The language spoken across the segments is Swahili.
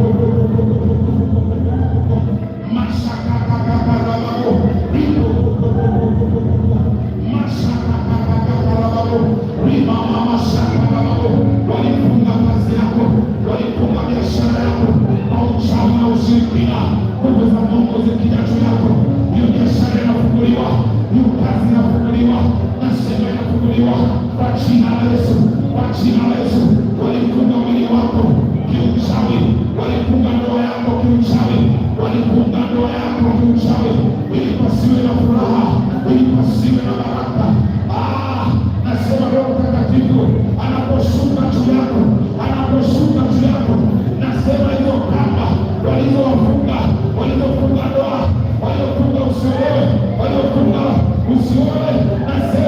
ハハハハ O Senhor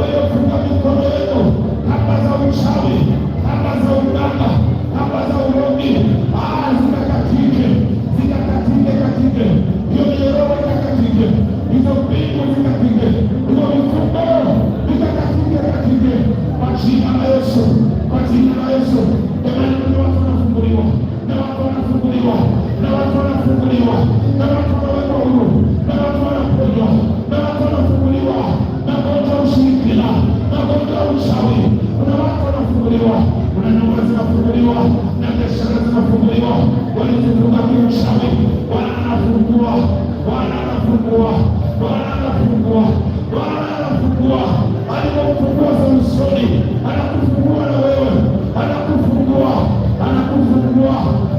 Kwa hiyo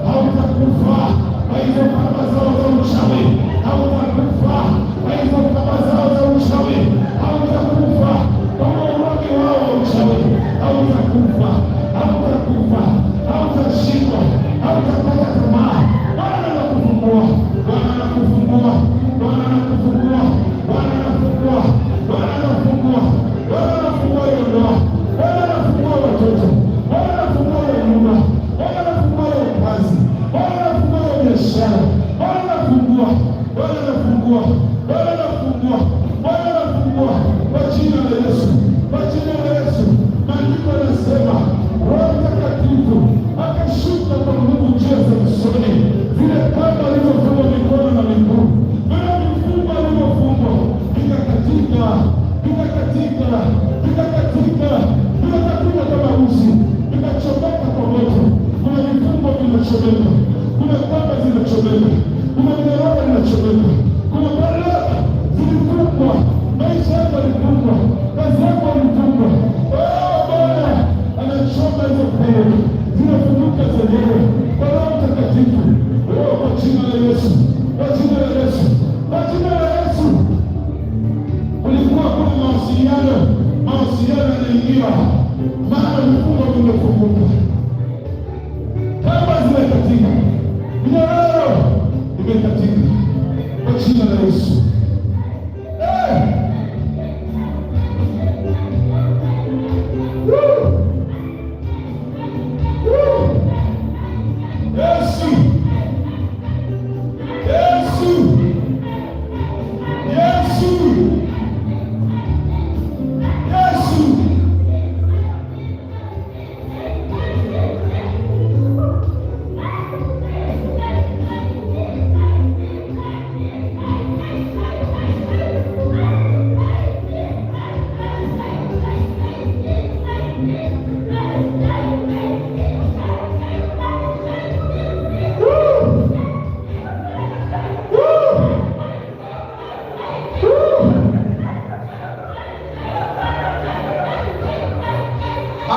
hautakufaa kwa hizo karama zote zinachomeka, kule kwamba zinachomeka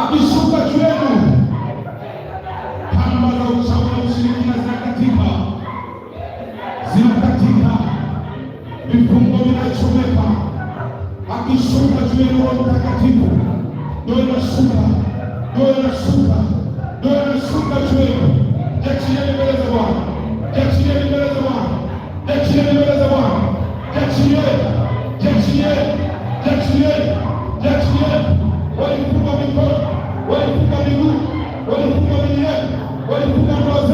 akishuka juu yenu, kamba za uchawi na ushirikina zinakatika, zinakatika, vifungo vinachomeka. Akishuka juu yenu Roho Mtakatifu, ndio inashuka, ndio inashuka, ndio inashuka juu yenu. Jachieni mbele za Bwana, jachieni mbele za Bwana, jachieni mbele za Bwana, jachieni, jachieni, jachieni, jachieni, walikuwa mikono walifunga milioni, walifunga ndoa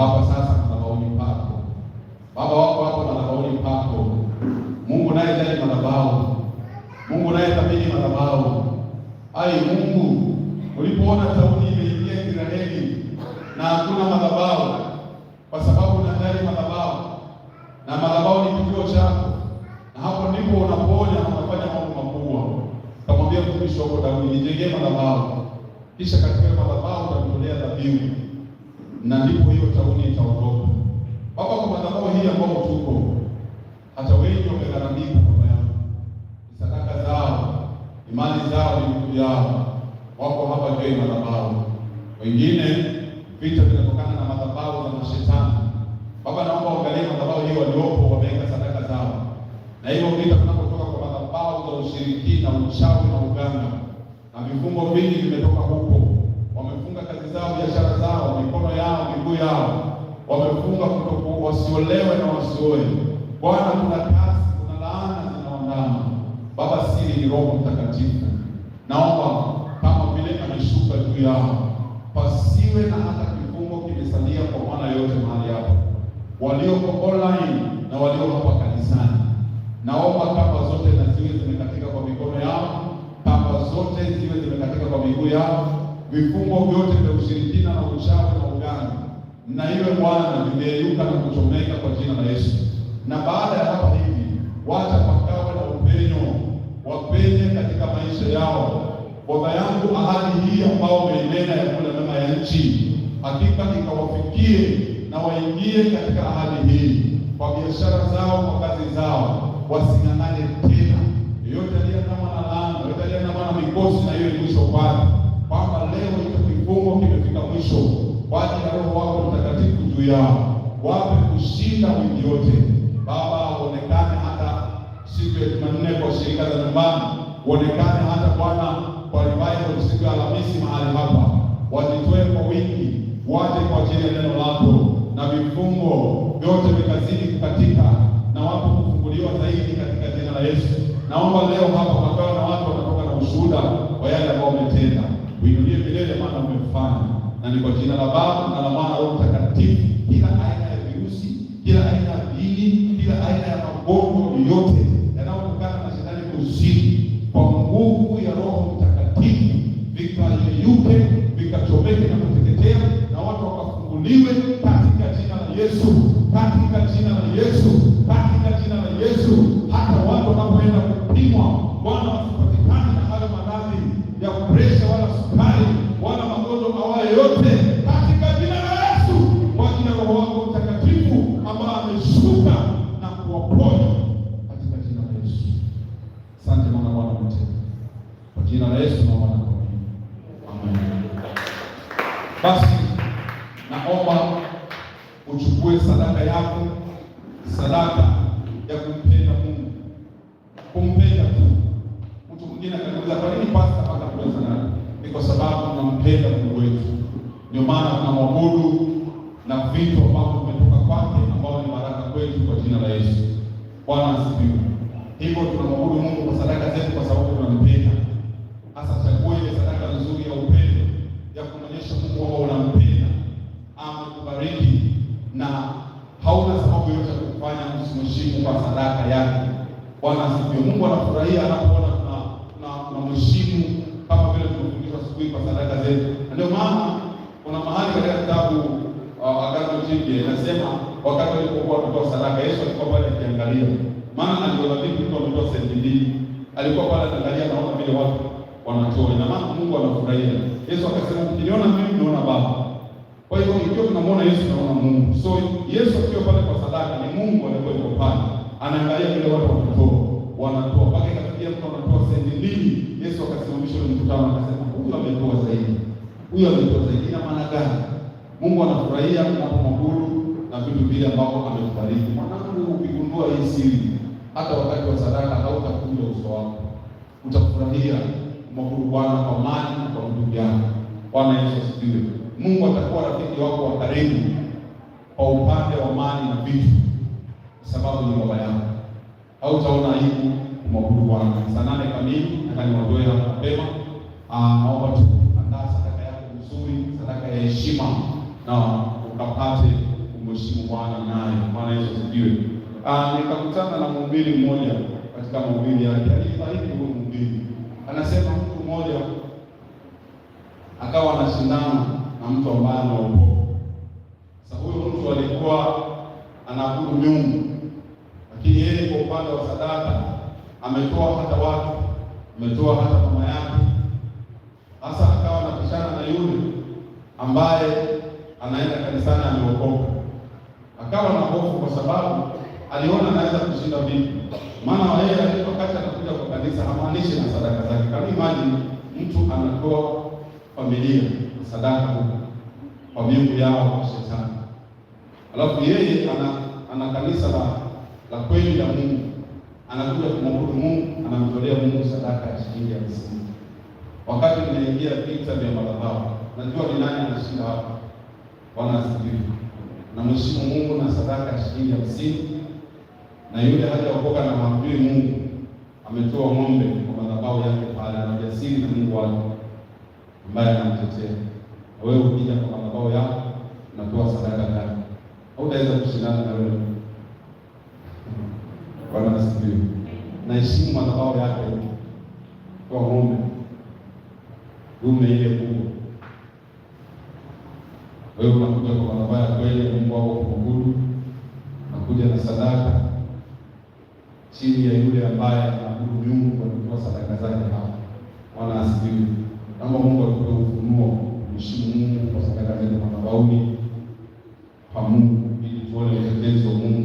Baba, sasa madhabahuni pako Baba, wako hapo madhabahuni pako Mungu, naye jali madhabahu Mungu, naye thamini madhabahu ai Mungu, ulipoona Sauli imeingia Israeli na hakuna madhabahu, kwa sababu unajali madhabahu na madhabahu ni kilio chako, na hapo ndipo unaponya na unafanya mambo makubwa. Utamwambia mtumishi wako Daudi, nijengee madhabahu kisha Wengine vita vinatokana na madhabahu za mashetani. Baba, naomba uangalie madhabahu hiyo waliopo wameweka sadaka zao, na hivyo vita tunapotoka kwa madhabahu za ushirikina, uchawi na uganga, na vifungo vingi vimetoka huko. Wamefunga kazi zao, biashara zao, mikono yao, miguu yao, wamefunga kutoku wasiolewe na wasioe. Bwana tuna walioko online na walio hapa kanisani, naomba kamba zote na ziwe zimekatika kwa mikono yao, kamba zote ziwe zimekatika kwa miguu yao, vifungo vyote vya ushirikina na uchawi na uganga na iwe Bwana vimeyeyuka na kuchomeka kwa jina la Yesu. Na baada ya hapa hivi, wacha pakawe na upenyo, wapenye katika maisha yao. Baba yangu, ahadi hii ambayo umeinena ya kula mema ya nchi, hakika ikawafikie na waingie katika ahadi hii kwa biashara zao, kwa kazi zao, wasing'ang'ane tena. Yoyote aliyeandamana na laana, yoyote aliyeandamana na mikosi, na hiyo ni mwisho kwake, kwamba leo hiki kifungo kimefika mwisho. ajili ya Roho wako Mtakatifu juu yao, wape kushinda mwingi yote. Baba, waonekane hata siku ya Jumanne kwa shirika za nyumbani, uonekane hata Bwana kwa revival siku ya Alhamisi mahali hapa, wajitoe kwa wingi, waje kwa ajili ya neno lako na vifungo vyote vikazidi kukatika na watu kufunguliwa zaidi katika jina la Yesu. Naomba leo hapa kwakawa na watu wanatoka na ushuhuda wa yale ambayo umetenda, uinulie milele, maana umefanya, na ni kwa jina la Baba na la Mwana Roho Mtakatifu. sadaka ya kumpenda Mungu, kumpenda tu. Mtu mwingine akaniuliza kwa nini pasta mpaka kutoa sadaka? Ni kwa sababu tunampenda Mungu wetu, ndio maana tunamwabudu na vitu ambavyo vimetoka kwake, ambao ni baraka kwetu, kwa jina la Yesu. Bwana asifiwe. Hivyo tunamwabudu Mungu kwa sadaka zetu, kwa sababu tunampenda Ndio Mungu anafurahia anapoona na na, na mheshimu kama vile tunafundishwa siku hii kwa sadaka zetu. Na ndio maana kuna mahali katika kitabu uh, Agano Jipya inasema wakati alipokuwa anatoa sadaka Yesu alikuwa pale akiangalia. Maana aliona vipi mtu anatoa senti mbili. Alikuwa pale anaangalia naona vile watu wanatoa. Na maana Mungu anafurahia. Yesu akasema ukiniona mimi naona Baba. Kwa hiyo ikiwa tunamwona Yesu naona Mungu. So Yesu akiwa pale kwa sadaka ni Mungu alikuwa yuko pale. Anaangalia vile watu wanatoa wanatoa mpaka ikafikia mtu anatoa senti mbili. Yesu akasimamisha ule mkutano akasema, huyu ametoa zaidi, huyu ametoa zaidi. Ina maana gani? Mungu anafurahia unapomwabudu na vitu vile ambavyo amekubariki. Mwanangu, ukigundua hii siri, hata wakati wa sadaka hautakunja uso wako, utafurahia kumwabudu Bwana kwa mali na kwa vitu vyako. Bwana Yesu asifiwe. Mungu atakuwa rafiki wako wa karibu kwa upande wa mali na vitu, sababu ni baba yako hautaona aibu kumwabudu Bwana. Saa nane kamili nataka niwaondoe hapo mapema. Ah, naomba tu andaa sadaka yako nzuri, sadaka ya heshima, na ukapate kumheshimu Bwana naye. Bwana Yesu asifiwe. Ah, nikakutana na mhubiri mmoja katika mahubiri yake, alifariki huyo mhubiri, anasema mtu mmoja akawa anashindana na mtu ambaye anaokoka. Sasa huyo mtu alikuwa anaabudu Mungu lakini yeye kwa upande wa sadaka ametoa hata watu, ametoa hata mama yake, hasa akawa anapishana na yule ambaye anaenda kanisani ameokoka, akawa na hofu kwa sababu aliona anaweza kushinda vipi. Maana yeye wakati anakuja kwa kanisa hamaanishi na sadaka zake. Kama imagine mtu anatoa familia na sadaka kwa miungu yao kwa shetani, alafu yeye ana, ana kanisa la la kweli la Mungu, anakuja kumwabudu Mungu, anamtolea Mungu sadaka ya shilingi hamsini. Wakati ninaingia vita vya madhabahu, najua ni nani anashinda hapa. Bwana asifiwe. Na mheshimu Mungu na sadaka ya shilingi hamsini, na yule hajaokoka na mwambie Mungu, ametoa ng'ombe kwa madhabahu yake pale, anajasiri na Mungu wake ambaye anamtetea. wewe ukija kwa madhabahu yako, unatoa sadaka yako, hautaweza kushindana na wewe Bwana asifiwe. Naheshimu madhabahu yake kwa ng'ombe dume ile kubwa. Wewe unakuja kwa madhabahu ya kweli Mungu wako kuabudu, nakuja na sadaka chini ya yule ambaye anaabudu Mungu kwa kutoa sadaka zake hapa. Bwana asifiwe. Kama Mungu alikuwa ufunuo, mheshimu Mungu kwa sadaka zake madhabahuni pa Mungu ili tuone utetezo Mungu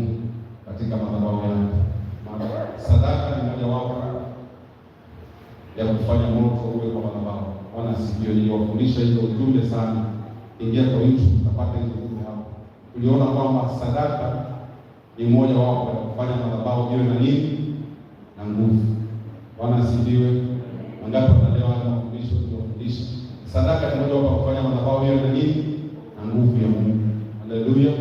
kufanya moto uwe kwa wanabao. Bwana asifiwe. Niliwafundisha hizo ujumbe sana, ingia kwa YouTube utapata hizo ujumbe hapo. Tuliona kwamba sadaka ni mmoja wapo ya kufanya madhabahu iwe na nini na nguvu. Bwana asifiwe. Wangapi wanaelewa haya mafundisho tuliwafundisha? Sadaka ni moja wapo ya kufanya madhabahu iwe na nini na nguvu ya Mungu. Haleluya!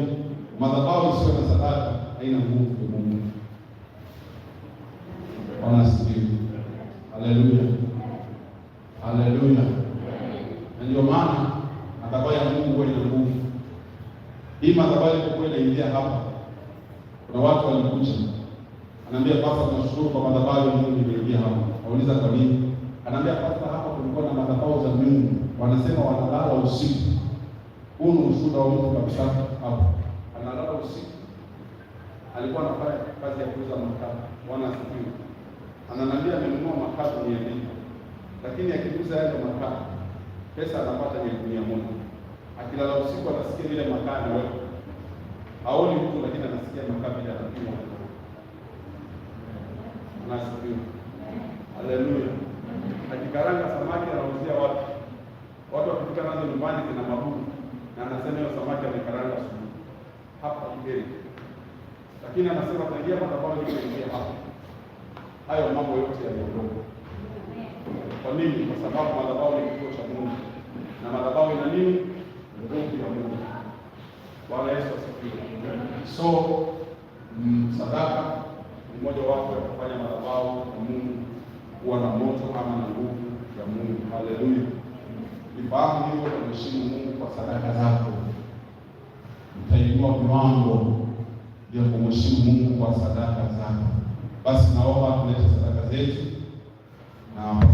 madhabahu isiyo na sadaka haina nguvu ya Mungu. Haleluya! Na ndio maana madhabahu ya Mungu huwa ina nguvu. Hii madhabahu ilipokuwa inaingia hapa, kuna watu walikuja, anaambia Pasta, tunashukuru kwa madhabahu ya Mungu imeingia hapa. Wauliza kwa nini? Anaambia Pasta, hapa kulikuwa na madhabahu za Mungu, wanasema wanalala usiku. Huu ni ushuhuda wa mtu kabisa hapa, analala usiku, alikuwa anafanya kazi ya kuuza makaa. Bwana asifiwe. Ananiambia amenunua makaa mia mbili lakini akiguza yale makaa pesa anapata ni mia moja. Akilala usiku anasikia ile makaa na wewe haoni mtu, lakini anasikia makaa vile anapimwa, anasikia haleluya. Akikaranga samaki anauzia watu, watu wakifika nazo nyumbani zina mabubu, na anasema hiyo samaki amekaranga asubuhi hapa Kigeri, lakini anasema tangia matabao hii hapa, hayo mambo yote yameondoka kwa nini? kwa sababu madhabahu ni kituo cha Mungu na madhabahu ina nini? Nguvu ya Mungu. Bwana Yesu asifiwe. So mm, sadaka ni moja wapo ya kufanya madhabahu ya Mungu kuwa na moto ama na nguvu ya Mungu. Haleluya! Ifahamu hivyo na mheshimu Mungu kwa sadaka zako. Utainua viwango vya kumheshimu Mungu kwa sadaka zako. Basi naomba tulete sadaka zetu na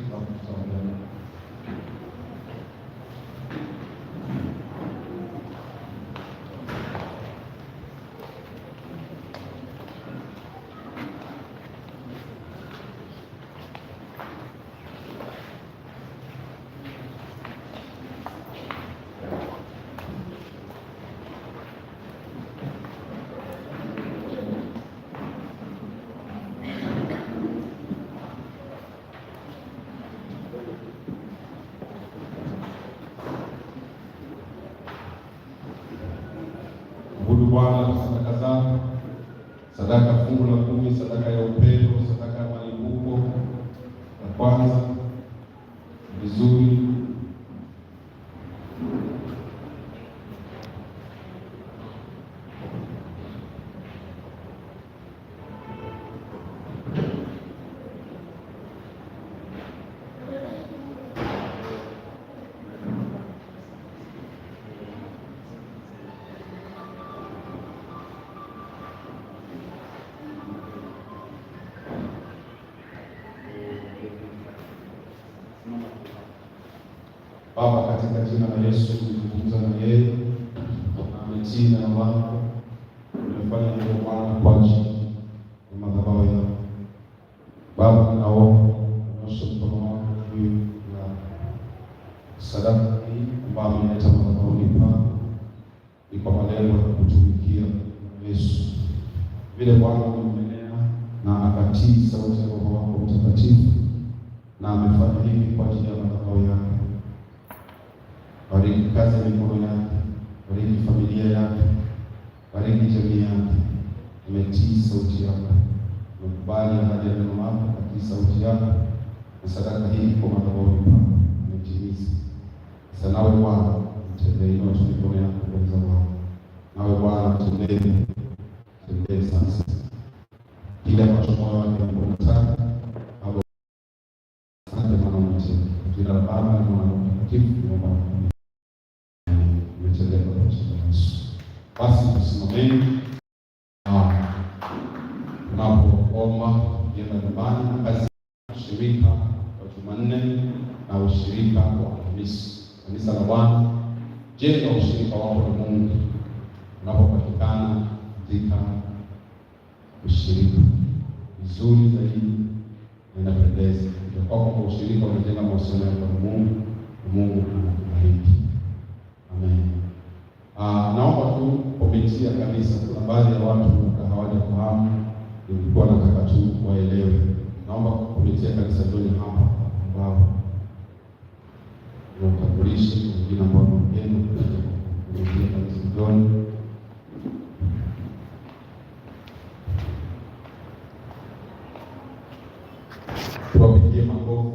katika jina la Yesu kuzungumza na yeye na wako umefanya hivyo Bwana kwa ajili ya madhabahu yako Baba, unyoshe mkono wako juu ya sadaka hii ambayo imeleta madhabahuni pako, ni kwa malengo ya kutumikia Yesu. Vile Bwana na akatii sauti ya Roho wako Mtakatifu, na amefanya hivi kwa ajili ya madhabahu yako Bariki kazi ya mikono yake bariki familia yako, bariki jamii yako. Nimetii sauti yako, nimekubali ahadi ya neno lako, katika sauti yako na sadaka hii kwa madhabahu yako nimetimiza. Sasa nawe Bwana mtendee, inua tu mikono yako mbele za Bwana. Nawe Bwana mtendee, mtendee sasa kile ambacho moyo wake unataka Baba. Asante Mwana mwote, jina la Baba na Mwana Mtakatifu na kuomba jenda nyumbani na ushirika wa Jumanne na ushirika wa Alhamisi. Kanisa la Bwana, jenga ushirika wako na Mungu unapopatikana katika ushirika vizuri zaidi inapendeza. Utakuwa kwamba ushirika unajenga mahusiano yako na Mungu na Mungu anakubariki. Amen. Ah, naomba tu kupitia kanisa, kuna baadhi ya watu hawajafahamu nilikuwa nataka tu waelewe. Naomba kukuletea kanisa joni hapa ambao nautambulishe wengine ambao mgeni kuja kanisa joni